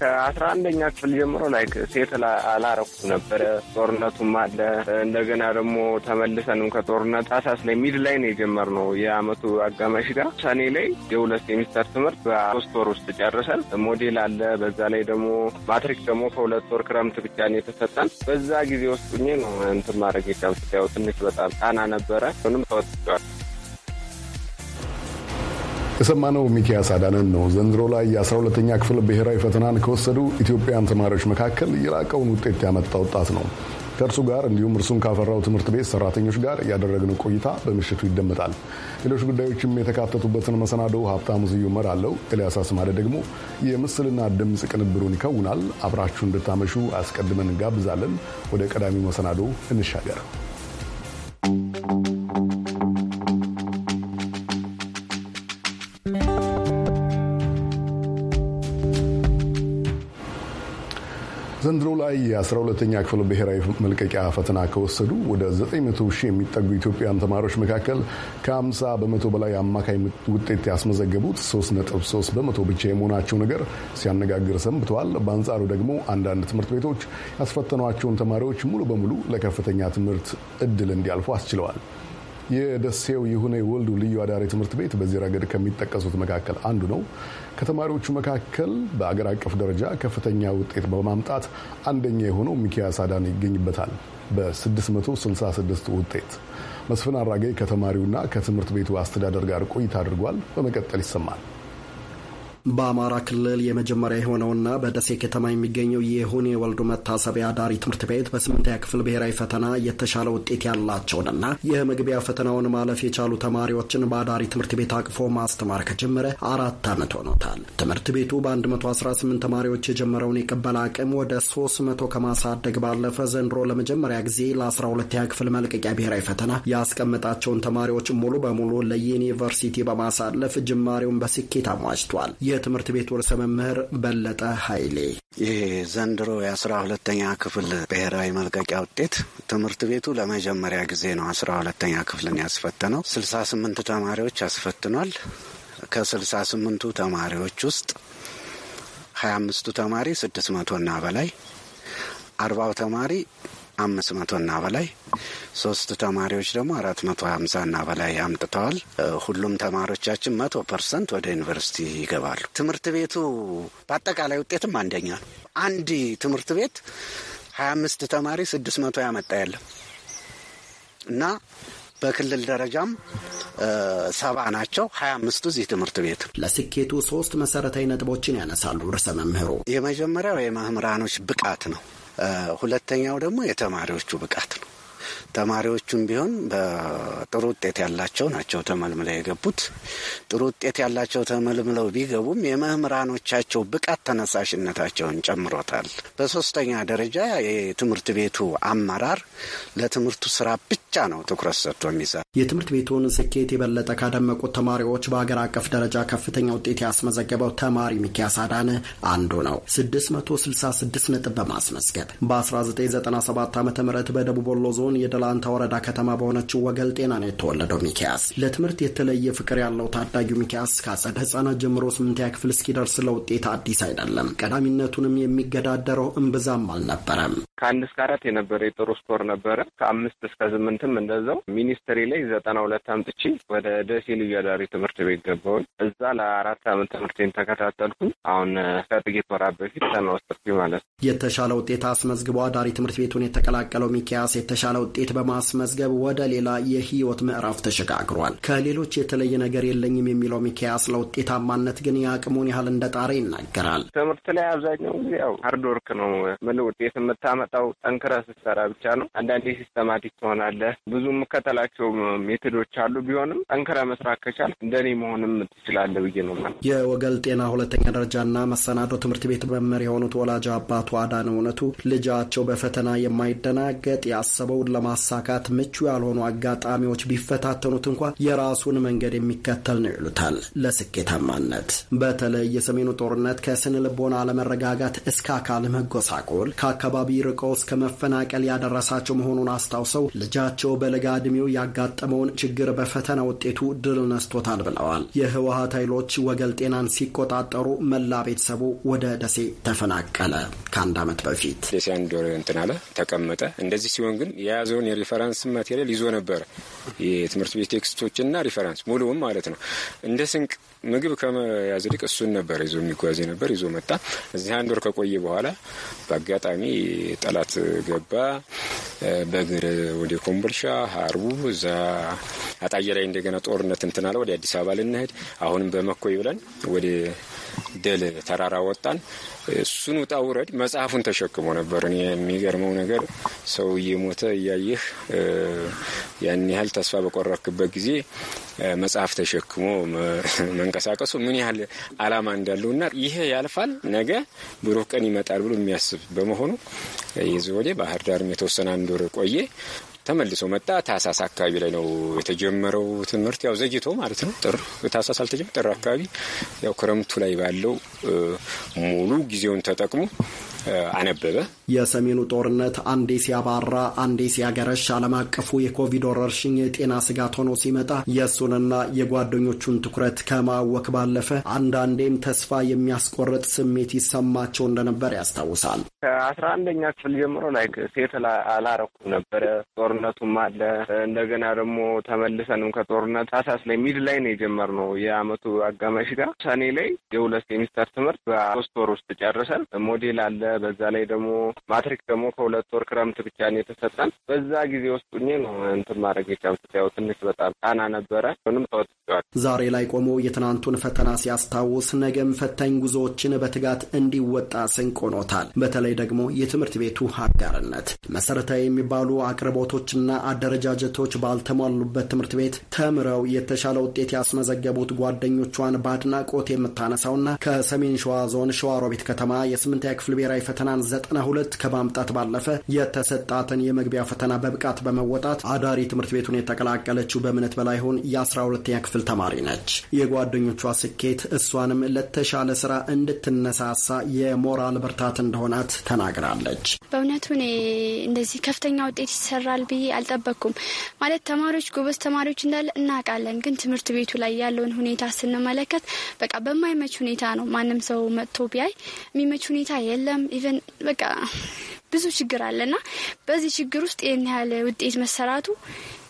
ከአስራ አንደኛ ክፍል ጀምሮ ላይክ ሴት አላረኩት ነበረ። ጦርነቱም አለ። እንደገና ደግሞ ተመልሰንም ከጦርነት አሳስ ላይ ሚድ ላይ ነው የጀመርነው የአመቱ አጋማሽ ጋር ሰኔ ላይ የሁለት ሴሚስተር ትምህርት በሶስት ወር ውስጥ ጨርሰን ሞዴል አለ። በዛ ላይ ደግሞ ማትሪክ ደግሞ ከሁለት ወር ክረምት ብቻ ነው የተሰጠን። በዛ ጊዜ ውስጥ ነው እንትን ማድረግ የቻልኩት። ያው ትንሽ በጣም ጣና ነበረ። ሆንም ተወጥቸዋል። የሰማነው ሚኪያስ አዳነን ነው። ዘንድሮ ላይ የ12ተኛ ክፍል ብሔራዊ ፈተናን ከወሰዱ ኢትዮጵያውያን ተማሪዎች መካከል የላቀውን ውጤት ያመጣ ወጣት ነው። ከእርሱ ጋር እንዲሁም እርሱን ካፈራው ትምህርት ቤት ሰራተኞች ጋር ያደረግነው ቆይታ በምሽቱ ይደመጣል። ሌሎች ጉዳዮችም የተካተቱበትን መሰናዶ ሀብታሙ ስዩም እመራለሁ። ኤልያስ አስማደ ደግሞ የምስልና ድምፅ ቅንብሩን ይከውናል። አብራችሁ እንድታመሹ አስቀድመን እንጋብዛለን። ወደ ቀዳሚው መሰናዶ እንሻገር። ዘንድሮ ላይ የ12ተኛ ክፍል ብሔራዊ መልቀቂያ ፈተና ከወሰዱ ወደ 900 ሺህ የሚጠጉ ኢትዮጵያን ተማሪዎች መካከል ከ50 በመቶ በላይ አማካይ ውጤት ያስመዘገቡት 3.3 በመቶ ብቻ የመሆናቸው ነገር ሲያነጋግር ሰንብተዋል። በአንጻሩ ደግሞ አንዳንድ ትምህርት ቤቶች ያስፈተኗቸውን ተማሪዎች ሙሉ በሙሉ ለከፍተኛ ትምህርት እድል እንዲያልፉ አስችለዋል። የደሴው ይሁኔ ወልዱ ልዩ አዳሪ ትምህርት ቤት በዚህ ረገድ ከሚጠቀሱት መካከል አንዱ ነው። ከተማሪዎቹ መካከል በአገር አቀፍ ደረጃ ከፍተኛ ውጤት በማምጣት አንደኛ የሆነው ሚኪያስ አዳን ይገኝበታል በ666 ውጤት። መስፍን አራጌ ከተማሪውና ከትምህርት ቤቱ አስተዳደር ጋር ቆይታ አድርጓል። በመቀጠል ይሰማል። በአማራ ክልል የመጀመሪያ የሆነውና በደሴ ከተማ የሚገኘው የሁኔ ወልዱ መታሰቢያ ዳሪ ትምህርት ቤት በስምንተኛ ክፍል ብሔራዊ ፈተና የተሻለ ውጤት ያላቸውንና የመግቢያ ፈተናውን ማለፍ የቻሉ ተማሪዎችን በአዳሪ ትምህርት ቤት አቅፎ ማስተማር ከጀመረ አራት ዓመት ሆኖታል። ትምህርት ቤቱ በ118 ተማሪዎች የጀመረውን የቅበላ አቅም ወደ 300 ከማሳደግ ባለፈ ዘንድሮ ለመጀመሪያ ጊዜ ለ12ኛ ክፍል መልቀቂያ ብሔራዊ ፈተና ያስቀመጣቸውን ተማሪዎች ሙሉ በሙሉ ለዩኒቨርሲቲ በማሳለፍ ጅማሬውን በስኬት አሟጭቷል። የትምህርት ቤት ርዕሰ መምህር በለጠ ኃይሌ ይህ ዘንድሮ የአስራ ሁለተኛ ክፍል ብሔራዊ መልቀቂያ ውጤት ትምህርት ቤቱ ለመጀመሪያ ጊዜ ነው አስራ ሁለተኛ ክፍልን ያስፈተነው። ስልሳ ስምንት ተማሪዎች ያስፈትኗል። ከስልሳ ስምንቱ ተማሪዎች ውስጥ ሀያ አምስቱ ተማሪ ስድስት መቶና በላይ አርባው ተማሪ አምስት እና በላይ ሶስት ተማሪዎች ደግሞ አራት መቶ ሀምሳ እና በላይ አምጥተዋል። ሁሉም ተማሪዎቻችን መቶ ፐርሰንት ወደ ዩኒቨርሲቲ ይገባሉ። ትምህርት ቤቱ በአጠቃላይ ውጤትም አንደኛ ነው። አንድ ትምህርት ቤት ሀያ አምስት ተማሪ ስድስት መቶ ያመጣ የለም እና በክልል ደረጃም ሰባ ናቸው። ሀያ አምስቱ እዚህ ትምህርት ቤት። ለስኬቱ ሶስት መሰረታዊ ነጥቦችን ያነሳሉ ርዕሰ መምህሩ። የመጀመሪያው የመምህራኖች ብቃት ነው። ሁለተኛው ደግሞ የተማሪዎቹ ብቃት ነው። ተማሪዎቹም ቢሆን በጥሩ ውጤት ያላቸው ናቸው ተመልምለው የገቡት። ጥሩ ውጤት ያላቸው ተመልምለው ቢገቡም የመምህራኖቻቸው ብቃት ተነሳሽነታቸውን ጨምሮታል። በሶስተኛ ደረጃ የትምህርት ቤቱ አመራር ለትምህርቱ ስራ ብቻ ነው ትኩረት ሰጥቶ የሚሰራ የትምህርት ቤቱን ስኬት የበለጠ ካደመቁት ተማሪዎች በሀገር አቀፍ ደረጃ ከፍተኛ ውጤት ያስመዘገበው ተማሪ ሚኪያስ አዳነ አንዱ ነው። 666 ነጥብ በማስመዝገብ በ1997 ዓ ም በደቡብ ወሎ ዞን የደላንታ ወረዳ ከተማ በሆነችው ወገል ጤና ነው የተወለደው ሚኪያስ። ለትምህርት የተለየ ፍቅር ያለው ታዳጊው ሚኪያስ ከአጸደ ህጻናት ጀምሮ ስምንተኛ ክፍል እስኪደርስ ለውጤት አዲስ አይደለም። ቀዳሚነቱንም የሚገዳደረው እምብዛም አልነበረም። ከአንድ እስከ አራት የነበረ የጥሩ ስኮር ነበረ። ከአምስት እስከ ስምንትም እንደዛው። ሚኒስትሪ ላይ ዘጠና ሁለት አምጥቼ ወደ ደሴ ልዩ አዳሪ ትምህርት ቤት ገባሁኝ። እዛ ለአራት አመት ትምህርቴን ተከታተልኩኝ። አሁን ከጥቂት ወራት በፊት ተናወስጥኩኝ ማለት ነው። የተሻለ ውጤት አስመዝግቦ አዳሪ ትምህርት ቤቱን የተቀላቀለው ሚኪያስ የተሻለ ውጤት በማስመዝገብ ወደ ሌላ የህይወት ምዕራፍ ተሸጋግሯል። ከሌሎች የተለየ ነገር የለኝም የሚለው ሚካያስ ለውጤታማነት ግን የአቅሙን ያህል እንደጣረ ይናገራል። ትምህርት ላይ አብዛኛው ጊዜ ያው ሀርድ ወርክ ነው። ምን ውጤት የምታመጣው ጠንክረ ስትሰራ ብቻ ነው። አንዳንዴ ሲስተማቲክ ትሆናለህ። ብዙ የምከተላቸው ሜቶዶች አሉ። ቢሆንም ጠንክረ መስራት ከቻል እንደኔ መሆንም ትችላለህ ብዬ ነው ማለት። የወገል ጤና ሁለተኛ ደረጃና መሰናዶ ትምህርት ቤት መምህር የሆኑት ወላጅ አባቱ አዳነ እውነቱ ልጃቸው በፈተና የማይደናገጥ ያሰበው ለማሳካት ምቹ ያልሆኑ አጋጣሚዎች ቢፈታተኑት እንኳ የራሱን መንገድ የሚከተል ነው ይሉታል። ለስኬታማነት በተለይ የሰሜኑ ጦርነት ከስነ ልቦና አለመረጋጋት እስከ አካል መጎሳቆል፣ ከአካባቢ ርቀው እስከ መፈናቀል ያደረሳቸው መሆኑን አስታውሰው ልጃቸው በለጋ ዕድሜው ያጋጠመውን ችግር በፈተና ውጤቱ ድል ነስቶታል ብለዋል። የህወሀት ኃይሎች ወገል ጤናን ሲቆጣጠሩ መላ ቤተሰቡ ወደ ደሴ ተፈናቀለ። ከአንድ ዓመት በፊት ደሴ አንድ ወር እንትን አለ ተቀመጠ። እንደዚህ ሲሆን ግን የያዙ የያዘውን የሪፈረንስ ማቴሪያል ይዞ ነበር። የትምህርት ቤት ቴክስቶችና ሪፈረንስ ሙሉውም ማለት ነው። እንደ ስንቅ ምግብ ከመያዝ ይልቅ እሱን ነበር ይዞ የሚጓዝ ነበር። ይዞ መጣ። እዚህ አንድ ወር ከቆየ በኋላ በአጋጣሚ ጠላት ገባ። በእግር ወደ ኮምቦልሻ ሀርቡ፣ እዛ አጣየ ላይ እንደገና ጦርነት እንትን አለ። ወደ አዲስ አበባ ልንሄድ አሁንም በመኮይ ብለን ወደ ደል ተራራ ወጣን። እሱን ውጣ ውረድ መጽሐፉን ተሸክሞ ነበር። የሚገርመው ነገር ሰው እየሞተ እያየህ ያን ያህል ተስፋ በቆረክበት ጊዜ መጽሐፍ ተሸክሞ መንቀሳቀሱ ምን ያህል አላማ እንዳለው እና ይሄ ያልፋል፣ ነገ ብሩህ ቀን ይመጣል ብሎ የሚያስብ በመሆኑ ወደ ባህር ዳርም የተወሰነ አንድ ወር ቆየ። ተመልሶ መጣ። ታህሳስ አካባቢ ላይ ነው የተጀመረው ትምህርት ያው ዘግይቶ ማለት ነው። ጥር ታህሳስ አልተጀመረ ጥር አካባቢ ያው ክረምቱ ላይ ባለው ሙሉ ጊዜውን ተጠቅሞ አነበበ የሰሜኑ ጦርነት አንዴ ሲያባራ አንዴ ሲያገረሽ ዓለም አቀፉ የኮቪድ ወረርሽኝ የጤና ስጋት ሆኖ ሲመጣ የእሱንና የጓደኞቹን ትኩረት ከማወክ ባለፈ አንዳንዴም ተስፋ የሚያስቆርጥ ስሜት ይሰማቸው እንደነበር ያስታውሳል። ከአስራ አንደኛ ክፍል ጀምሮ ላይ ሴት አላረኩም ነበረ። ጦርነቱም አለ። እንደገና ደግሞ ተመልሰንም ከጦርነት ታሳስ ላይ ሚድ ላይ ነው የጀመርነው የአመቱ አጋማሽ ጋር ሰኔ ላይ የሁለት ሴሚስተር ትምህርት በሶስት ወር ውስጥ ጨርሰን ሞዴል አለ በዛ ላይ ደግሞ ማትሪክ ደግሞ ከሁለት ወር ክረምት ብቻ ነው የተሰጠን። በዛ ጊዜ ውስጥ ሁኜ ነው እንትን ማድረግ የቻልኩት። ያው ትንሽ በጣም ጣና ነበረ፣ ሁንም ተወጥቸዋል። ዛሬ ላይ ቆሞ የትናንቱን ፈተና ሲያስታውስ ነገም ፈታኝ ጉዞዎችን በትጋት እንዲወጣ ስንቅ ሆኖታል። በተለይ ደግሞ የትምህርት ቤቱ አጋርነት መሰረታዊ የሚባሉ አቅርቦቶችና አደረጃጀቶች ባልተሟሉበት ትምህርት ቤት ተምረው የተሻለ ውጤት ያስመዘገቡት ጓደኞቿን በአድናቆት የምታነሳውና ከሰሜን ሸዋ ዞን ሸዋሮቢት ከተማ የስምንተኛ ክፍል ብሔራዊ ፈተናን 92 ከማምጣት ባለፈ የተሰጣትን የመግቢያ ፈተና በብቃት በመወጣት አዳሪ ትምህርት ቤቱን የተቀላቀለችው በእምነት በላይሆን የ12ኛ ክፍል ተማሪ ነች። የጓደኞቿ ስኬት እሷንም ለተሻለ ስራ እንድትነሳሳ የሞራል ብርታት እንደሆናት ተናግራለች። በእውነቱ እኔ እንደዚህ ከፍተኛ ውጤት ይሰራል ብዬ አልጠበቅኩም። ማለት ተማሪዎች ጎበዝ ተማሪዎች እንዳለ እናውቃለን፣ ግን ትምህርት ቤቱ ላይ ያለውን ሁኔታ ስንመለከት በቃ በማይመች ሁኔታ ነው። ማንም ሰው መጥቶ ቢያይ የሚመች ሁኔታ የለም። ኢቨን በቃ ብዙ ችግር አለና በዚህ ችግር ውስጥ ይህን ያህል ውጤት መሰራቱ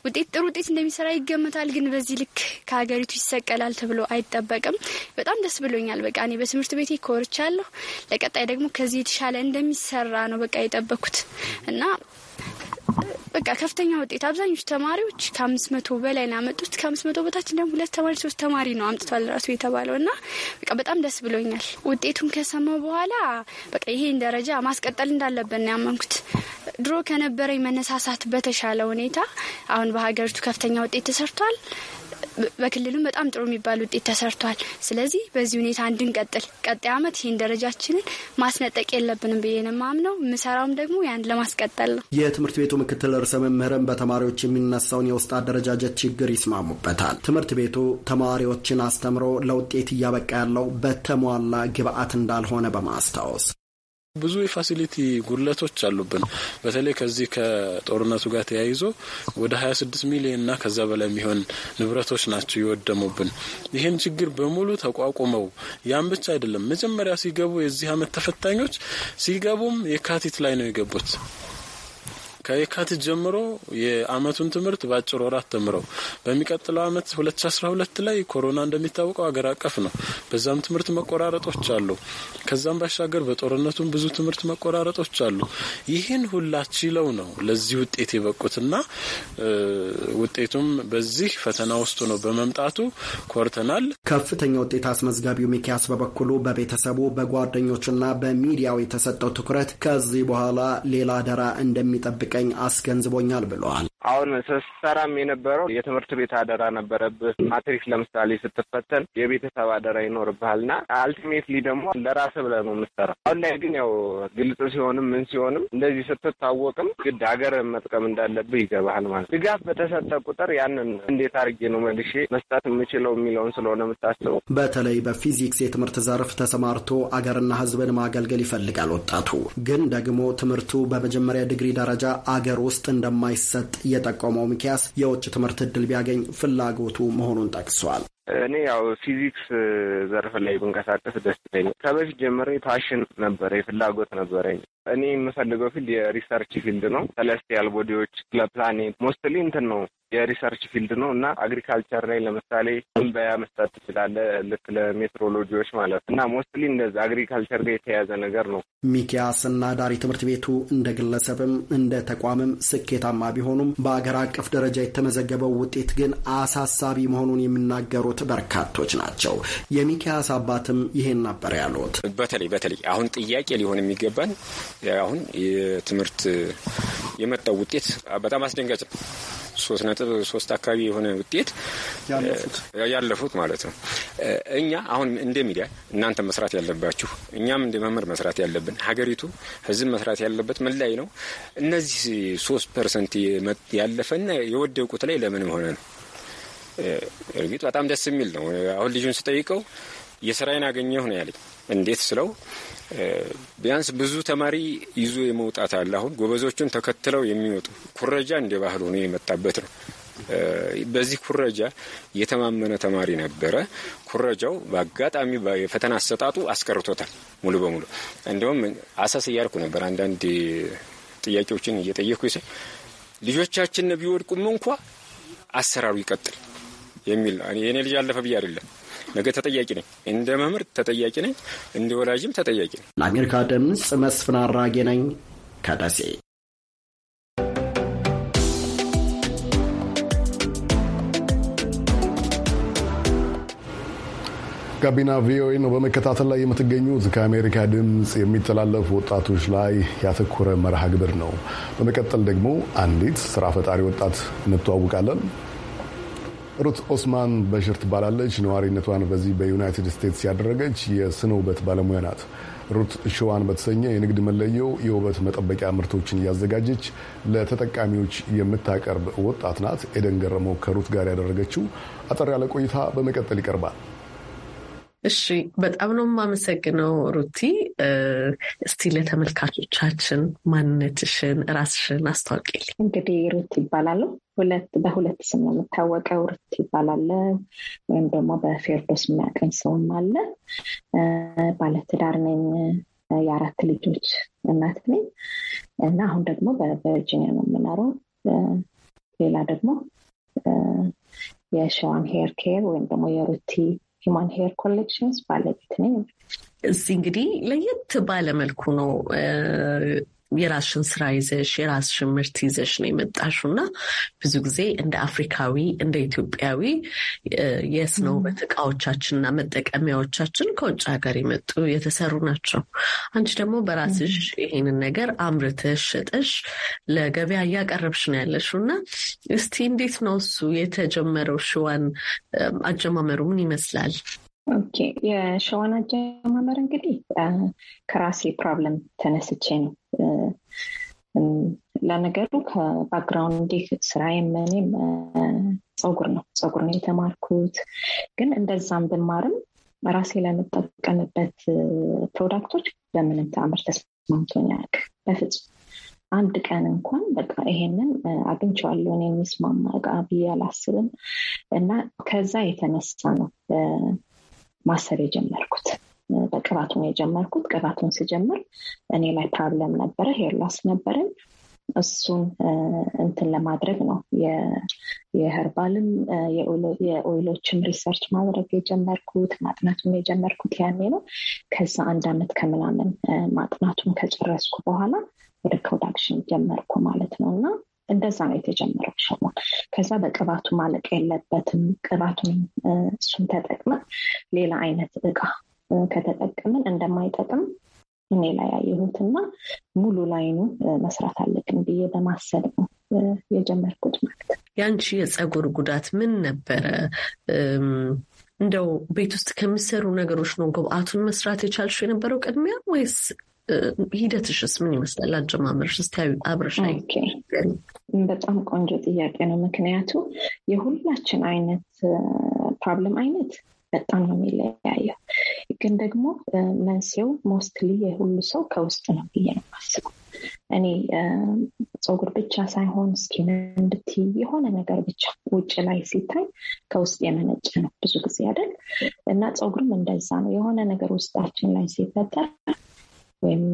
ውጤት ጥሩ ውጤት እንደሚሰራ ይገመታል። ግን በዚህ ልክ ከሀገሪቱ ይሰቀላል ተብሎ አይጠበቅም። በጣም ደስ ብሎኛል። በቃ እኔ በትምህርት ቤቴ ኮርቻለሁ። ለቀጣይ ደግሞ ከዚህ የተሻለ እንደሚሰራ ነው በቃ የጠበኩት እና በቃ ከፍተኛ ውጤት አብዛኞቹ ተማሪዎች ከአምስት መቶ በላይ ነው ያመጡት። ከአምስት መቶ በታች ደግሞ ሁለት ተማሪ ሶስት ተማሪ ነው አምጥቷል ራሱ የተባለው እና በቃ በጣም ደስ ብሎኛል። ውጤቱን ከሰማው በኋላ በቃ ይሄን ደረጃ ማስቀጠል እንዳለብን ነው ያመንኩት። ድሮ ከነበረኝ መነሳሳት በተሻለ ሁኔታ አሁን በሀገሪቱ ከፍተኛ ውጤት ተሰርቷል። በክልሉም በጣም ጥሩ የሚባል ውጤት ተሰርቷል። ስለዚህ በዚህ ሁኔታ እንድንቀጥል ቀጣይ ዓመት ይህን ደረጃችንን ማስነጠቅ የለብንም ብዬ ነው የማምነው። የምሰራውም ደግሞ ያን ለማስቀጠል ነው። የትምህርት ቤቱ ምክትል ርዕሰ መምህርን በተማሪዎች የሚነሳውን የውስጥ አደረጃጀት ችግር ይስማሙበታል። ትምህርት ቤቱ ተማሪዎችን አስተምሮ ለውጤት እያበቃ ያለው በተሟላ ግብአት እንዳልሆነ በማስታወስ ብዙ የፋሲሊቲ ጉድለቶች አሉብን። በተለይ ከዚህ ከጦርነቱ ጋር ተያይዞ ወደ 26 ሚሊዮን እና ከዛ በላይ የሚሆን ንብረቶች ናቸው የወደሙብን። ይህን ችግር በሙሉ ተቋቁመው ያን ብቻ አይደለም መጀመሪያ ሲገቡ የዚህ አመት ተፈታኞች ሲገቡም የካቲት ላይ ነው የገቡት። ከየካቲት ጀምሮ የአመቱን ትምህርት በአጭር ወራት ተምረው በሚቀጥለው አመት 2012 ላይ ኮሮና እንደሚታወቀው አገር አቀፍ ነው። በዛም ትምህርት መቆራረጦች አሉ። ከዛም ባሻገር በጦርነቱም ብዙ ትምህርት መቆራረጦች አሉ። ይህን ሁላ ችለው ነው ለዚህ ውጤት የበቁትና ውጤቱም በዚህ ፈተና ውስጡ ነው በመምጣቱ ኮርተናል። ከፍተኛ ውጤት አስመዝጋቢው ሚኪያስ በበኩሉ በቤተሰቡ በጓደኞችና በሚዲያው የተሰጠው ትኩረት ከዚህ በኋላ ሌላ አደራ እንደሚጠብቅ እንደሚገኝ አስገንዝቦኛል ብለዋል። አሁን ስትሰራም የነበረው የትምህርት ቤት አደራ ነበረብህ። ማትሪክ ለምሳሌ ስትፈተን የቤተሰብ አደራ ይኖርብሃል እና አልቲሜትሊ ደግሞ ለራስ ብለህ ነው የምትሰራው። አሁን ላይ ግን ያው ግልጽ ሲሆንም ምን ሲሆንም እንደዚህ ስትታወቅም ግድ ሀገር መጥቀም እንዳለብህ ይገባሃል ማለት ድጋፍ በተሰጠ ቁጥር ያንን እንዴት አድርጌ ነው መልሼ መስጠት የምችለው የሚለውን ስለሆነ የምታስበው። በተለይ በፊዚክስ የትምህርት ዘርፍ ተሰማርቶ አገርና ህዝብን ማገልገል ይፈልጋል ወጣቱ። ግን ደግሞ ትምህርቱ በመጀመሪያ ዲግሪ ደረጃ አገር ውስጥ እንደማይሰጥ የጠቆመው ሚኪያስ የውጭ ትምህርት እድል ቢያገኝ ፍላጎቱ መሆኑን ጠቅሷል። እኔ ያው ፊዚክስ ዘርፍ ላይ ብንቀሳቀስ ደስ ይለኛል። ከበፊት ጀምሬ ፓሽን ነበረ፣ ፍላጎት ነበረኝ። እኔ የምፈልገው ፊልድ የሪሰርች ፊልድ ነው። ሰለስቲያል ቦዲዎች ለፕላኔት ሞስትሊ እንትን ነው የሪሰርች ፊልድ ነው እና አግሪካልቸር ላይ ለምሳሌ ትንበያ መስጠት ትችላለ፣ ልክ ለሜትሮሎጂዎች ማለት እና ሞስትሊ እንደዚ አግሪካልቸር ጋር የተያያዘ ነገር ነው። ሚኪያስ እና ዳሪ ትምህርት ቤቱ እንደ ግለሰብም እንደ ተቋምም ስኬታማ ቢሆኑም በአገር አቀፍ ደረጃ የተመዘገበው ውጤት ግን አሳሳቢ መሆኑን የሚናገሩት በርካቶች ናቸው። የሚኪያስ አባትም ይሄን ነበር ያሉት። በተለይ በተለይ አሁን ጥያቄ ሊሆን የሚገባን አሁን የትምህርት የመጣው ውጤት በጣም አስደንጋጭ ነው። ሶስት ነጥብ ሶስት አካባቢ የሆነ ውጤት ያለፉት ማለት ነው። እኛ አሁን እንደ ሚዲያ እናንተ መስራት ያለባችሁ፣ እኛም እንደ መምህር መስራት ያለብን፣ ሀገሪቱ ህዝብ መስራት ያለበት ምን ላይ ነው? እነዚህ ሶስት ፐርሰንት ያለፈና የወደቁት ላይ ለምንም ሆነ ነው። እርግጥ በጣም ደስ የሚል ነው። አሁን ልጁን ስጠይቀው የስራዬን አገኘሁ ነው ያለኝ። እንዴት ስለው ቢያንስ ብዙ ተማሪ ይዞ የመውጣት አለ። አሁን ጎበዞቹን ተከትለው የሚወጡ ኩረጃ እንደ ባህል ሆኖ የመጣበት ነው። በዚህ ኩረጃ የተማመነ ተማሪ ነበረ። ኩረጃው በአጋጣሚ የፈተና አሰጣጡ አስቀርቶታል ሙሉ በሙሉ። እንዲሁም አሳስ እያልኩ ነበር አንዳንድ ጥያቄዎችን እየጠየኩ ይሰ ልጆቻችን ቢወድቁም እንኳ አሰራሩ ይቀጥል የሚል የኔ ልጅ አለፈ ብዬ አይደለም ነገ ተጠያቂ ነኝ። እንደ መምህር ተጠያቂ ነኝ። እንደ ወላጅም ተጠያቂ ነኝ። ለአሜሪካ ድምፅ መስፍን አራጌ ነኝ ከደሴ። ጋቢና ቪኦኤ ነው በመከታተል ላይ የምትገኙት። ከአሜሪካ ድምፅ የሚተላለፉ ወጣቶች ላይ ያተኮረ መርሃ ግብር ነው። በመቀጠል ደግሞ አንዲት ስራ ፈጣሪ ወጣት እንተዋውቃለን። ሩት ኦስማን በሽር ትባላለች። ነዋሪነቷን በዚህ በዩናይትድ ስቴትስ ያደረገች የስነ ውበት ባለሙያ ናት። ሩት ሸዋን በተሰኘ የንግድ መለየው የውበት መጠበቂያ ምርቶችን እያዘጋጀች ለተጠቃሚዎች የምታቀርብ ወጣት ናት። ኤደን ገረመው ከሩት ጋር ያደረገችው አጠር ያለ ቆይታ በመቀጠል ይቀርባል። እሺ፣ በጣም ነው የማመሰግነው ሩቲ። እስቲ ለተመልካቾቻችን ማንነትሽን ራስሽን አስታውቂልኝ። እንግዲህ ሩቲ ይባላለሁ። ሁለት በሁለት ስም ነው የምታወቀው። ሩቲ ይባላለ ወይም ደግሞ በፌርዶስ የሚያቀኝ ሰውም አለ። ባለትዳር ነኝ። የአራት ልጆች እናት ነኝ እና አሁን ደግሞ በቨርጂኒያ ነው የምኖረው። ሌላ ደግሞ የሸዋን ሄር ኬር ወይም ደግሞ የሩቲ ሂማን ሄር ኮሌክሽንስ ባለቤት ነኝ። እዚህ እንግዲህ ለየት ባለመልኩ ነው የራስሽን ስራ ይዘሽ የራስሽን ምርት ይዘሽ ነው የመጣሹ እና ብዙ ጊዜ እንደ አፍሪካዊ እንደ ኢትዮጵያዊ ነው ውበት እቃዎቻችንና መጠቀሚያዎቻችን ከውጭ ሀገር የመጡ የተሰሩ ናቸው። አንቺ ደግሞ በራስሽ ይሄንን ነገር አምርተሽ ሸጠሽ ለገበያ እያቀረብሽ ነው ያለሽው እና እስቲ እንዴት ነው እሱ የተጀመረው? ሽዋን አጀማመሩ ምን ይመስላል? ኦኬ የሸዋን አጀማመር እንግዲህ ከራሴ ፕሮብለም ተነስቼ ነው። ለነገሩ ከባክግራውንድ እንዲህ ስራ የምኔም ፀጉር ነው ፀጉር ነው የተማርኩት። ግን እንደዛም ብማርም ራሴ ለምጠቀምበት ፕሮዳክቶች በምንም ተአምር ተስማምቶኝ አያውቅም በፍጹም። አንድ ቀን እንኳን በቃ ይሄንን አግኝቼዋለሁ የሚስማማ እቃ ብዬ አላስብም። እና ከዛ የተነሳ ነው ማሰብ የጀመርኩት። በቅባቱን የጀመርኩት ቅባቱን ስጀምር እኔ ላይ ፕሮብለም ነበረ፣ ሄርሎስ ነበረኝ። እሱን እንትን ለማድረግ ነው የህርባልም የኦይሎችም ሪሰርች ማድረግ የጀመርኩት ማጥናቱን የጀመርኩት ያኔ ነው። ከዛ አንድ አመት ከምናምን ማጥናቱን ከጨረስኩ በኋላ ወደ ፕሮዳክሽን ጀመርኩ ማለት ነው እና እንደዛ ነው የተጀመረው ሸማ። ከዛ በቅባቱ ማለቅ የለበትም። ቅባቱን እሱን ተጠቅመን ሌላ አይነት እቃ ከተጠቀምን እንደማይጠቅም እኔ ላይ ያየሁትና ሙሉ ላይኑ መስራት አለብን ብዬ በማሰብ ነው የጀመርኩት ማለት ያንቺ የፀጉር ጉዳት ምን ነበረ? እንደው ቤት ውስጥ ከሚሰሩ ነገሮች ነው ግብአቱን መስራት የቻልሽው የነበረው ቅድሚያ ወይስ ሂደትሽስ ምን ይመስላል? አጀማመርሽ እስቲ አብረሽ በጣም ቆንጆ ጥያቄ ነው። ምክንያቱ የሁላችን አይነት ፕሮብለም አይነት በጣም ነው የሚለያየው። ግን ደግሞ መንስኤው ሞስትሊ የሁሉ ሰው ከውስጥ ነው ብዬ ነው ማስቡ። እኔ ፀጉር ብቻ ሳይሆን ስኪን እንድት የሆነ ነገር ብቻ ውጭ ላይ ሲታይ ከውስጥ የመነጨ ነው ብዙ ጊዜ አይደል? እና ፀጉርም እንደዛ ነው። የሆነ ነገር ውስጣችን ላይ ሲፈጠር ወይም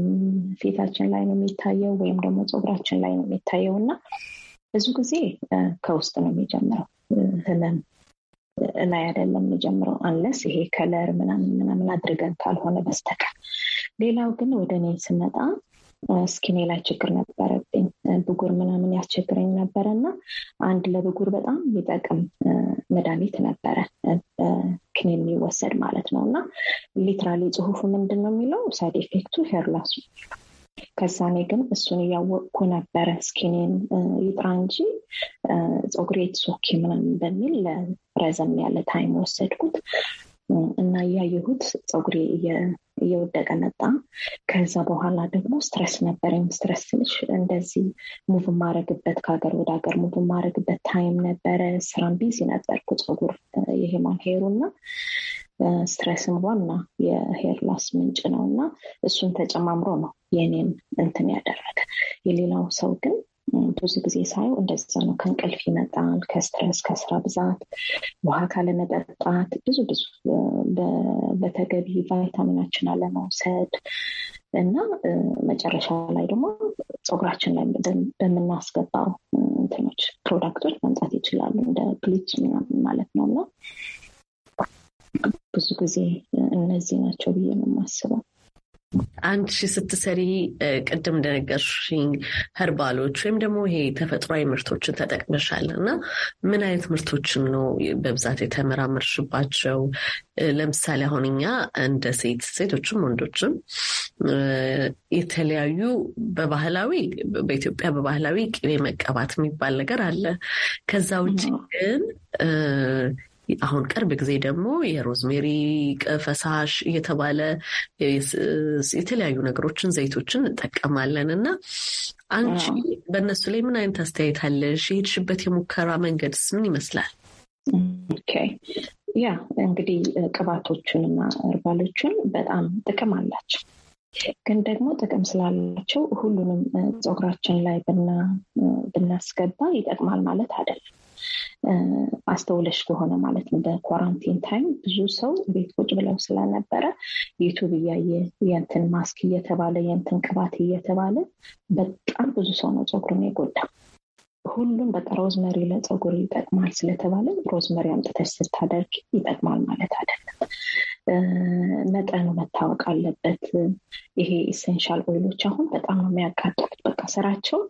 ፊታችን ላይ ነው የሚታየው ወይም ደግሞ ፀጉራችን ላይ ነው የሚታየው እና ብዙ ጊዜ ከውስጥ ነው የሚጀምረው ህመም ላይ አይደለም የሚጀምረው አንለስ ይሄ ከለር ምናምን ምናምን አድርገን ካልሆነ በስተቀር ሌላው ግን ወደ እኔ ስመጣ ስኪኔ ላይ ችግር ነበረብኝ። ብጉር ምናምን ያስቸግረኝ ነበረ እና አንድ ለብጉር በጣም የሚጠቅም መድኃኒት ነበረ ክኔ የሚወሰድ ማለት ነው እና ሊትራሊ ጽሁፉ ምንድን ነው የሚለው ሳይድ ኤፌክቱ ሄርላሱ ከዛኔ ግን እሱን እያወቅኩ ነበረ ስኪኔን ይጥራ እንጂ ፀጉሬ ሶኪ ምናምን በሚል ለረዘም ያለ ታይም ወሰድኩት። እና እያየሁት ፀጉሬ እየወደቀ መጣ። ከዛ በኋላ ደግሞ ስትረስ ነበረኝ። ስትረስ ትንሽ እንደዚህ ሙቭ ማድረግበት ከሀገር ወደ ሀገር ሙቭ ማድረግበት ታይም ነበረ። ስራም ቢዚ ነበርኩ። ፀጉር የሄማን ሄሩ እና ስትረስም ዋና የሄር ላስ ምንጭ ነው እና እሱን ተጨማምሮ ነው የኔን እንትን ያደረገ የሌላው ሰው ግን ብዙ ጊዜ ሳየው እንደዛ ነው። ከእንቅልፍ ይመጣል፣ ከስትረስ፣ ከስራ ብዛት፣ ውሃ ካለመጠጣት፣ ብዙ ብዙ በተገቢ ቫይታሚናችን አለመውሰድ እና መጨረሻ ላይ ደግሞ ፀጉራችን ላይ በምናስገባው እንትኖች ፕሮዳክቶች መምጣት ይችላሉ እንደ ብሊች ማለት ነው እና ብዙ ጊዜ እነዚህ ናቸው ብዬ ነው የማስበው። አንድ ሺ ስትሰሪ ቅድም እንደነገርሽኝ ሄርባሎች ወይም ደግሞ ይሄ ተፈጥሯዊ ምርቶችን ተጠቅመሻል እና ምን አይነት ምርቶችን ነው በብዛት የተመራመርሽባቸው? ለምሳሌ አሁን እኛ እንደ ሴት ሴቶችም ወንዶችም የተለያዩ በባህላዊ በኢትዮጵያ በባህላዊ ቅቤ መቀባት የሚባል ነገር አለ። ከዛ ውጭ ግን አሁን ቅርብ ጊዜ ደግሞ የሮዝሜሪ ፈሳሽ እየተባለ የተለያዩ ነገሮችን ዘይቶችን እንጠቀማለን እና አንቺ በእነሱ ላይ ምን አይነት አስተያየት አለሽ? የሄድሽበት የሙከራ መንገድስ ምን ይመስላል? ያ እንግዲህ ቅባቶችን እና በጣም ጥቅም አላቸው። ግን ደግሞ ጥቅም ስላላቸው ሁሉንም ፀጉራችን ላይ ብናስገባ ይጠቅማል ማለት አይደለም። አስተውለሽ ከሆነ ማለት ነው በኳራንቲን ታይም ብዙ ሰው ቤት ቁጭ ብለው ስለነበረ ዩቱብ እያየ የንትን ማስክ እየተባለ የንትን ቅባት እየተባለ በጣም ብዙ ሰው ነው ፀጉርን የጎዳ ሁሉም በቃ ሮዝመሪ ለፀጉር ይጠቅማል ስለተባለ ሮዝመሪ አምጥተሽ ስታደርግ ይጠቅማል ማለት አይደለም። መጠኑ መታወቅ አለበት። ይሄ ኢሴንሻል ኦይሎች አሁን በጣም ነው የሚያቃጥሉት። በቃ ስራቸው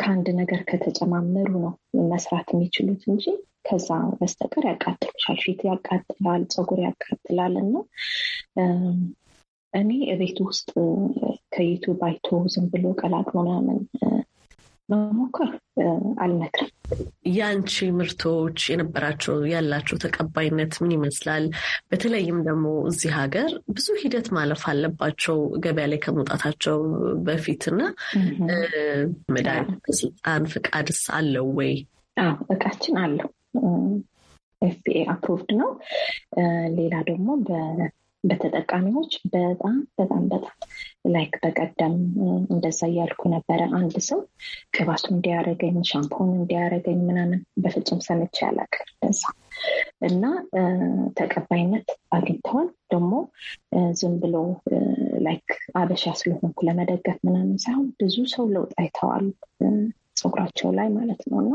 ከአንድ ነገር ከተጨማመሩ ነው መስራት የሚችሉት እንጂ ከዛ በስተቀር ያቃጥሉሻል። ፊት ያቃጥላል፣ ፀጉር ያቃጥላል እና እኔ ቤት ውስጥ ከዩቱብ አይቶ ዝም ብሎ ቀላቅሎ ምናምን መሞከር አልመክርም። የአንቺ ምርቶች የነበራቸው ያላቸው ተቀባይነት ምን ይመስላል? በተለይም ደግሞ እዚህ ሀገር ብዙ ሂደት ማለፍ አለባቸው ገበያ ላይ ከመውጣታቸው በፊት እና መድኃኒት ስልጣን ፍቃድስ አለው ወይ? እቃችን አለው ኤፍቢኤ አፕሮቭድ ነው። ሌላ ደግሞ በተጠቃሚዎች በጣም በጣም በጣም ላይክ በቀደም እንደዛ እያልኩ ነበረ። አንድ ሰው ቅባቱ እንዲያደረገኝ ሻምፖን እንዲያደረገኝ ምናምን በፍጹም ሰምቼ አላውቅም እና ተቀባይነት አግኝተዋል። ደግሞ ዝም ብሎ ላይክ አበሻ ስለሆንኩ ለመደገፍ ምናምን ሳይሆን ብዙ ሰው ለውጥ አይተዋል ፀጉራቸው ላይ ማለት ነው እና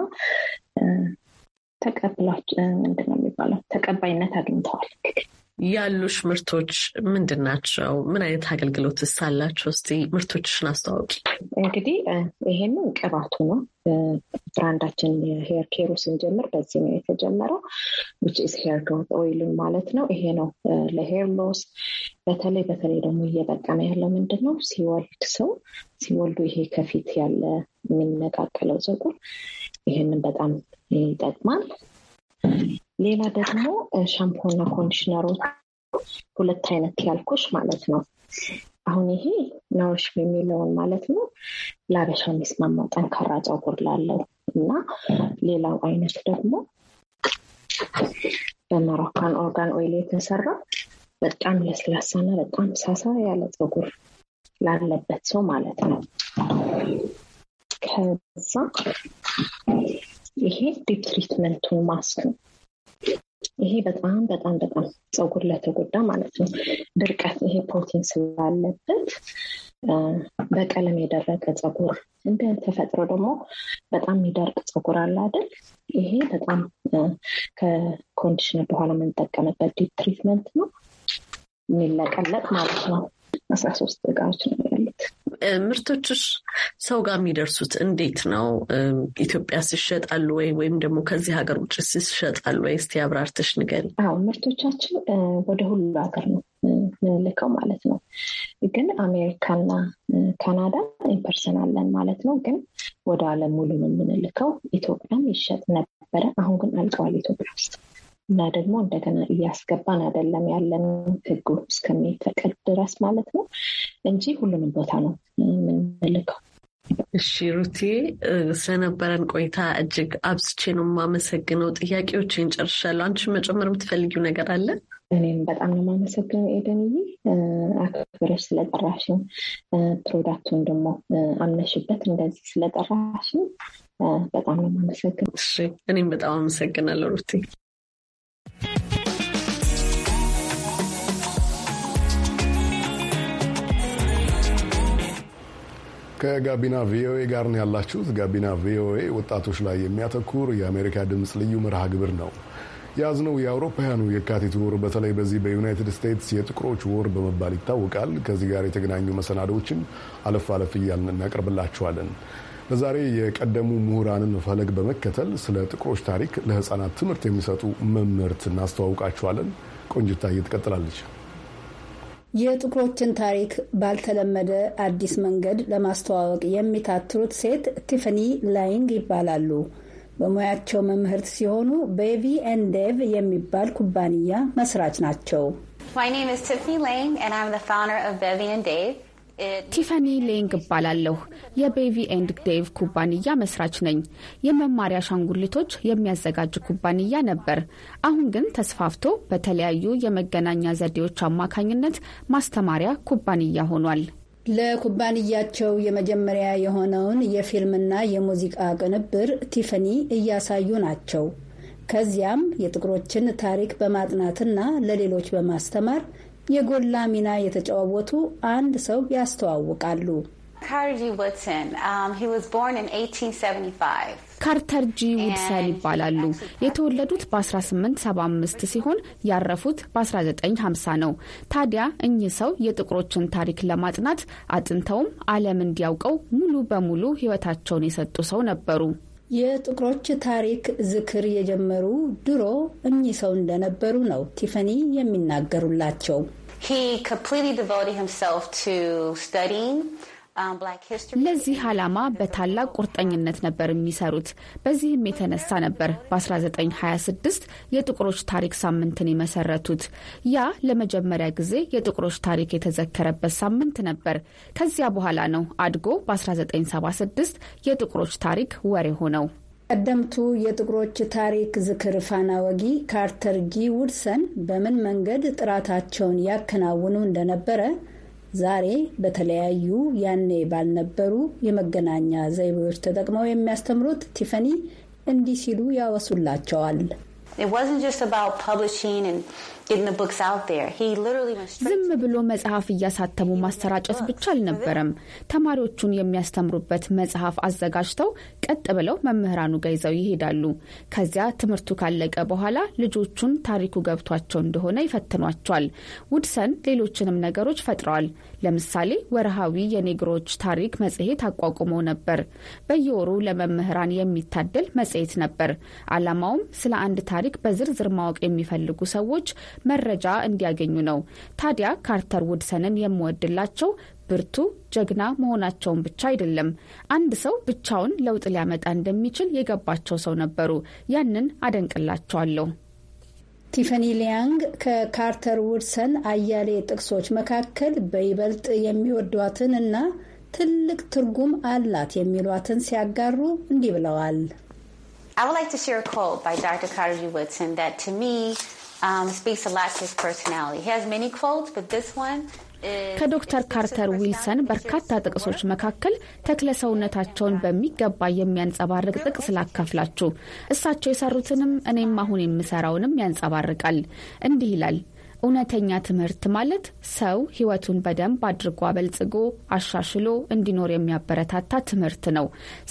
ተቀብላች ምንድነው የሚባለው ተቀባይነት አግኝተዋል። ያሉሽ ምርቶች ምንድን ናቸው? ምን አይነት አገልግሎት ሳላቸው? እስቲ ምርቶችሽን አስተዋውቂ። እንግዲህ ይሄንን ቅባቱ ነው። ብራንዳችን የሄር ኬሩ ስንጀምር በዚህ ነው የተጀመረው። ዊች ኢዝ ሄር ግሮት ኦይልን ማለት ነው። ይሄ ነው ለሄር ሎስ በተለይ በተለይ ደግሞ እየጠቀመ ያለው ምንድን ነው ሲወልድ ሰው ሲወልዱ ይሄ ከፊት ያለ የሚነቃቀለው ፀጉር ይሄንን በጣም ይጠቅማል። ሌላ ደግሞ ሻምፖና ኮንዲሽነሮች ሁለት አይነት ያልኩሽ ማለት ነው። አሁን ይሄ ናውሽ የሚለውን ማለት ነው ለአበሻ የሚስማማ ጠንካራ ፀጉር ላለው እና ሌላው አይነት ደግሞ በመሮካን ኦርጋን ኦይል የተሰራ በጣም ለስላሳና በጣም ሳሳ ያለ ፀጉር ላለበት ሰው ማለት ነው። ከዛ ይሄ ዲፕ ትሪትመንቱ ማስክ ነው። ይሄ በጣም በጣም በጣም ፀጉር ለተጎዳ ማለት ነው ድርቀት፣ ይሄ ፕሮቲን ስላለበት በቀለም የደረቀ ፀጉር እንደ ተፈጥሮ ደግሞ በጣም የሚደርቅ ፀጉር አለ አይደል? ይሄ በጣም ከኮንዲሽነር በኋላ የምንጠቀምበት ዲፕ ትሪትመንት ነው የሚለቀለቅ ማለት ነው። አስራ ሶስት እቃዎች ነው ያሉት። ምርቶችሽ ሰው ጋር የሚደርሱት እንዴት ነው? ኢትዮጵያ ሲሸጣሉ ወይ ወይም ደግሞ ከዚህ ሀገር ውጭ ሲሸጣሉ ወይ? እስቲ አብራርተሽ ንገሪ። አዎ ምርቶቻችን ወደ ሁሉ ሀገር ነው ምንልከው ማለት ነው። ግን አሜሪካና ካናዳ ኢምፐርሰን አለን ማለት ነው። ግን ወደ አለም ሙሉ ነው የምንልከው። ኢትዮጵያም ይሸጥ ነበረ። አሁን ግን አልቀዋል ኢትዮጵያ ውስጥ እና ደግሞ እንደገና እያስገባን አይደለም ያለን ህጉ እስከሚፈቅድ ድረስ ማለት ነው እንጂ ሁሉንም ቦታ ነው የምንልከው። እሺ ሩቴ፣ ስለነበረን ቆይታ እጅግ አብዝቼ ነው የማመሰግነው። ጥያቄዎችን ጨርሻለሁ። አንቺ መጨመር የምትፈልጊው ነገር አለ? እኔም በጣም ነው የማመሰግነው ኤደንዬ፣ አክብረሽ ስለጠራሽን ፕሮዳክቱን ደግሞ አምነሽበት እንደዚህ ስለጠራሽን በጣም ነው የማመሰግነው። እሺ፣ እኔም በጣም አመሰግናለሁ ሩቴ። ከጋቢና ቪኦኤ ጋር ነው ያላችሁት። ጋቢና ቪኦኤ ወጣቶች ላይ የሚያተኩር የአሜሪካ ድምፅ ልዩ መርሃ ግብር ነው። ያዝነው የአውሮፓውያኑ የካቲት ወር በተለይ በዚህ በዩናይትድ ስቴትስ የጥቁሮች ወር በመባል ይታወቃል። ከዚህ ጋር የተገናኙ መሰናዶዎችን አለፍ አለፍ እያልን እናቀርብላችኋለን። ለዛሬ የቀደሙ ምሁራንን ፈለግ በመከተል ስለ ጥቁሮች ታሪክ ለሕፃናት ትምህርት የሚሰጡ መምህርት እናስተዋውቃችኋለን። ቆንጅታ ትቀጥላለች። የጥቁሮችን ታሪክ ባልተለመደ አዲስ መንገድ ለማስተዋወቅ የሚታትሩት ሴት ቲፈኒ ላይንግ ይባላሉ። በሙያቸው መምህርት ሲሆኑ ቤቪ ኤንድ ዴቭ የሚባል ኩባንያ መስራች ናቸው። My name is Tiffany Lang and I'm the founder of Bevy and Dave. ቲፈኒ ሌንግ እባላለሁ። የቤቪ ኤንድ ዴቭ ኩባንያ መስራች ነኝ። የመማሪያ አሻንጉሊቶች የሚያዘጋጅ ኩባንያ ነበር። አሁን ግን ተስፋፍቶ በተለያዩ የመገናኛ ዘዴዎች አማካኝነት ማስተማሪያ ኩባንያ ሆኗል። ለኩባንያቸው የመጀመሪያ የሆነውን የፊልምና የሙዚቃ ቅንብር ቲፈኒ እያሳዩ ናቸው። ከዚያም የጥቁሮችን ታሪክ በማጥናትና ለሌሎች በማስተማር የጎላ ሚና የተጫወቱ አንድ ሰው ያስተዋውቃሉ። um, ካርተር ጂ ውድሰን ይባላሉ። የተወለዱት በ1875 ሲሆን ያረፉት በ1950 ነው። ታዲያ እኚህ ሰው የጥቁሮችን ታሪክ ለማጥናት አጥንተውም ዓለም እንዲያውቀው ሙሉ በሙሉ ሕይወታቸውን የሰጡ ሰው ነበሩ። የጥቁሮች ታሪክ ዝክር የጀመሩ ድሮ እኚህ ሰው እንደነበሩ ነው ቲፈኒ የሚናገሩላቸው። He completely devoted himself to studying ለዚህ um, ዓላማ በታላቅ ቁርጠኝነት ነበር የሚሰሩት። በዚህም የተነሳ ነበር በ1926 የጥቁሮች ታሪክ ሳምንትን የመሰረቱት። ያ ለመጀመሪያ ጊዜ የጥቁሮች ታሪክ የተዘከረበት ሳምንት ነበር። ከዚያ በኋላ ነው አድጎ በ1976 የጥቁሮች ታሪክ ወር የሆነው። ቀደምቱ የጥቁሮች ታሪክ ዝክር ፋና ወጊ ካርተር ጊ ውድሰን በምን መንገድ ጥራታቸውን ያከናውኑ እንደነበረ ዛሬ በተለያዩ ያኔ ባልነበሩ የመገናኛ ዘይቤዎች ተጠቅመው የሚያስተምሩት ቲፈኒ እንዲህ ሲሉ ያወሱላቸዋል። ዝም ብሎ መጽሐፍ እያሳተሙ ማሰራጨት ብቻ አልነበረም። ተማሪዎቹን የሚያስተምሩበት መጽሐፍ አዘጋጅተው ቀጥ ብለው መምህራኑ ጋ ይዘው ይሄዳሉ። ከዚያ ትምህርቱ ካለቀ በኋላ ልጆቹን ታሪኩ ገብቷቸው እንደሆነ ይፈትኗቸዋል። ውድሰን ሌሎችንም ነገሮች ፈጥረዋል። ለምሳሌ ወርሃዊ የኔግሮች ታሪክ መጽሔት አቋቁመው ነበር። በየወሩ ለመምህራን የሚታደል መጽሔት ነበር። ዓላማውም ስለ አንድ ታሪክ በዝርዝር ማወቅ የሚፈልጉ ሰዎች መረጃ እንዲያገኙ ነው። ታዲያ ካርተር ውድሰንን የምወድላቸው ብርቱ ጀግና መሆናቸውን ብቻ አይደለም። አንድ ሰው ብቻውን ለውጥ ሊያመጣ እንደሚችል የገባቸው ሰው ነበሩ። ያንን አደንቅላቸዋለሁ። ቲፈኒ ሊያንግ ከካርተር ውድሰን አያሌ ጥቅሶች መካከል በይበልጥ የሚወዷትን እና ትልቅ ትርጉም አላት የሚሏትን ሲያጋሩ እንዲህ ብለዋል። I would like to share a quote by Dr. Carter Woodson that to me um, speaks a lot to his personality. He has many quotes, but this one. ከዶክተር ካርተር ዊልሰን በርካታ ጥቅሶች መካከል ተክለ ሰውነታቸውን በሚገባ የሚያንጸባርቅ ጥቅስ ላካፍላችሁ። እሳቸው የሰሩትንም እኔም አሁን የምሰራውንም ያንጸባርቃል። እንዲህ ይላል እውነተኛ ትምህርት ማለት ሰው ህይወቱን በደንብ አድርጎ አበልጽጎ አሻሽሎ እንዲኖር የሚያበረታታ ትምህርት ነው።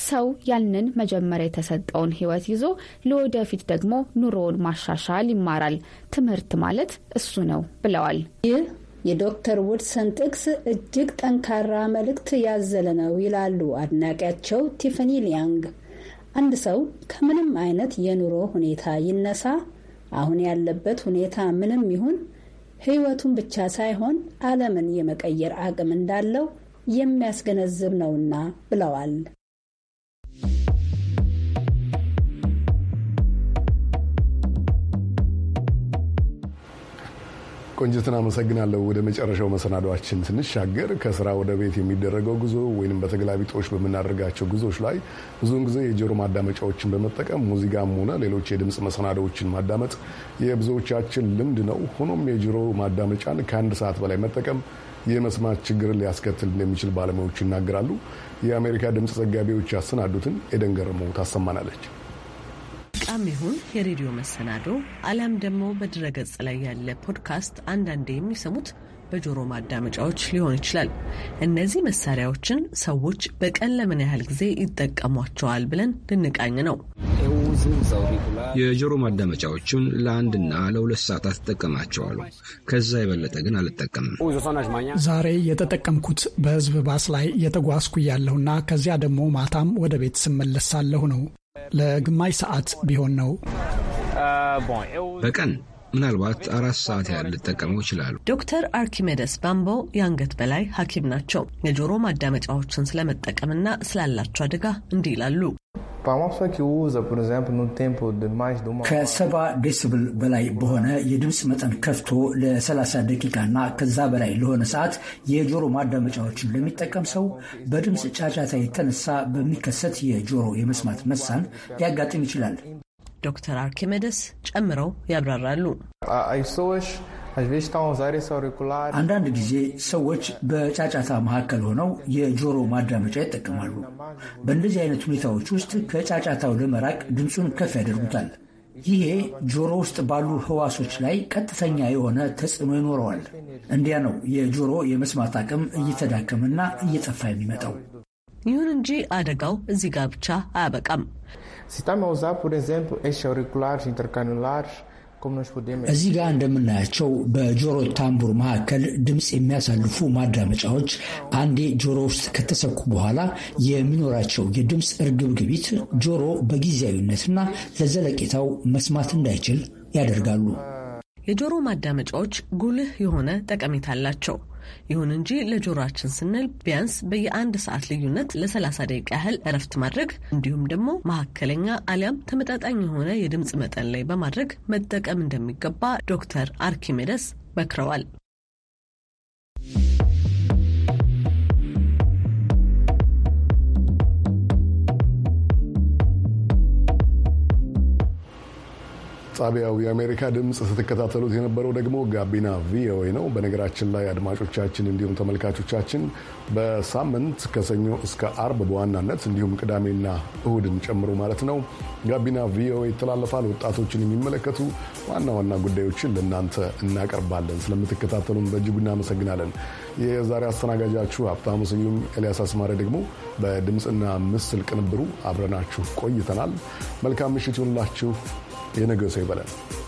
ሰው ያንን መጀመሪያ የተሰጠውን ህይወት ይዞ ለወደፊት ደግሞ ኑሮውን ማሻሻል ይማራል። ትምህርት ማለት እሱ ነው ብለዋል። ይህ የዶክተር ውድሰን ጥቅስ እጅግ ጠንካራ መልእክት ያዘለ ነው ይላሉ አድናቂያቸው ቲፈኒ ሊያንግ። አንድ ሰው ከምንም አይነት የኑሮ ሁኔታ ይነሳ አሁን ያለበት ሁኔታ ምንም ይሁን ሕይወቱን ብቻ ሳይሆን ዓለምን የመቀየር አቅም እንዳለው የሚያስገነዝብ ነውና ብለዋል። ቆንጅትን አመሰግናለሁ። ወደ መጨረሻው መሰናዷችን ስንሻገር ከስራ ወደ ቤት የሚደረገው ጉዞ ወይም በተገላቢጦሽ በምናደርጋቸው ጉዞዎች ላይ ብዙውን ጊዜ የጆሮ ማዳመጫዎችን በመጠቀም ሙዚቃም ሆነ ሌሎች የድምፅ መሰናዶዎችን ማዳመጥ የብዙዎቻችን ልምድ ነው። ሆኖም የጆሮ ማዳመጫን ከአንድ ሰዓት በላይ መጠቀም የመስማት ችግርን ሊያስከትል እንደሚችል ባለሙያዎች ይናገራሉ። የአሜሪካ ድምፅ ዘጋቢዎች ያሰናዱትን ኤደን ገረመው ታሰማናለች። ሙዚቃም ይሁን የሬዲዮ መሰናዶ አሊያም ደግሞ በድረገጽ ላይ ያለ ፖድካስት አንዳንዴ የሚሰሙት በጆሮ ማዳመጫዎች ሊሆን ይችላል። እነዚህ መሳሪያዎችን ሰዎች በቀን ለምን ያህል ጊዜ ይጠቀሟቸዋል ብለን ልንቃኝ ነው። የጆሮ ማዳመጫዎቹን ለአንድና ለሁለት ሰዓታት ይጠቀማቸዋሉ ከዛ የበለጠ ግን አልጠቀምም። ዛሬ የተጠቀምኩት በህዝብ ባስ ላይ እየተጓዝኩ ያለሁና ከዚያ ደግሞ ማታም ወደ ቤት ስመለሳለሁ ነው። ለግማሽ ሰዓት ቢሆን ነው። በቀን ምናልባት አራት ሰዓት ያህል ልጠቀመው ይችላሉ። ዶክተር አርኪሜደስ ባምቦ የአንገት በላይ ሐኪም ናቸው። የጆሮ ማዳመጫዎችን ስለመጠቀምና ስላላቸው አደጋ እንዲህ ይላሉ። uma pessoa que usa, por exemplo, num tempo de mais de uma ከሰባ ዴሲብል በላይ በሆነ የድምፅ መጠን ከፍቶ ለ30 ደቂቃና ከዛ በላይ ለሆነ ሰዓት የጆሮ ማዳመጫዎችን ለሚጠቀም ሰው በድምፅ ጫጫታ የተነሳ በሚከሰት የጆሮ የመስማት መሳን ሊያጋጥም ይችላል። ዶክተር አርኪሜደስ ጨምረው ያብራራሉ። አንዳንድ ጊዜ ሰዎች በጫጫታ መካከል ሆነው የጆሮ ማዳመጫ ይጠቀማሉ። በእንደዚህ አይነት ሁኔታዎች ውስጥ ከጫጫታው ለመራቅ ድምፁን ከፍ ያደርጉታል። ይሄ ጆሮ ውስጥ ባሉ ህዋሶች ላይ ቀጥተኛ የሆነ ተጽዕኖ ይኖረዋል። እንዲያ ነው የጆሮ የመስማት አቅም እየተዳከመና እየጠፋ የሚመጣው። ይሁን እንጂ አደጋው እዚህ ጋር ብቻ አያበቃም። ሲታም ፖር ኤግዛምፕል ኤሽ አውሪኩላር ኢንተርካኑላር እዚህ ጋር እንደምናያቸው በጆሮ ታምቡር መካከል ድምፅ የሚያሳልፉ ማዳመጫዎች አንዴ ጆሮ ውስጥ ከተሰኩ በኋላ የሚኖራቸው የድምፅ እርግብግቢት ጆሮ በጊዜያዊነትና ለዘለቄታው መስማት እንዳይችል ያደርጋሉ። የጆሮ ማዳመጫዎች ጉልህ የሆነ ጠቀሜታ አላቸው። ይሁን እንጂ ለጆሮችን ስንል ቢያንስ በየአንድ ሰዓት ልዩነት ለሰላሳ ደቂቃ ያህል እረፍት ማድረግ እንዲሁም ደግሞ መካከለኛ አሊያም ተመጣጣኝ የሆነ የድምፅ መጠን ላይ በማድረግ መጠቀም እንደሚገባ ዶክተር አርኪሜደስ መክረዋል። ጣቢያው የአሜሪካ ድምፅ ስትከታተሉት የነበረው ደግሞ ጋቢና ቪኦኤ ነው። በነገራችን ላይ አድማጮቻችን፣ እንዲሁም ተመልካቾቻችን በሳምንት ከሰኞ እስከ አርብ በዋናነት እንዲሁም ቅዳሜና እሁድን ጨምሮ ማለት ነው ጋቢና ቪኦኤ ይተላለፋል። ወጣቶችን የሚመለከቱ ዋና ዋና ጉዳዮችን ለእናንተ እናቀርባለን። ስለምትከታተሉን በእጅጉ እናመሰግናለን። የዛሬ አስተናጋጃችሁ ሀብታሙ ስዩም፣ ኤልያስ አስማሪ ደግሞ በድምፅና ምስል ቅንብሩ አብረናችሁ ቆይተናል። መልካም ምሽት ይሁንላችሁ። viene Göze Balán.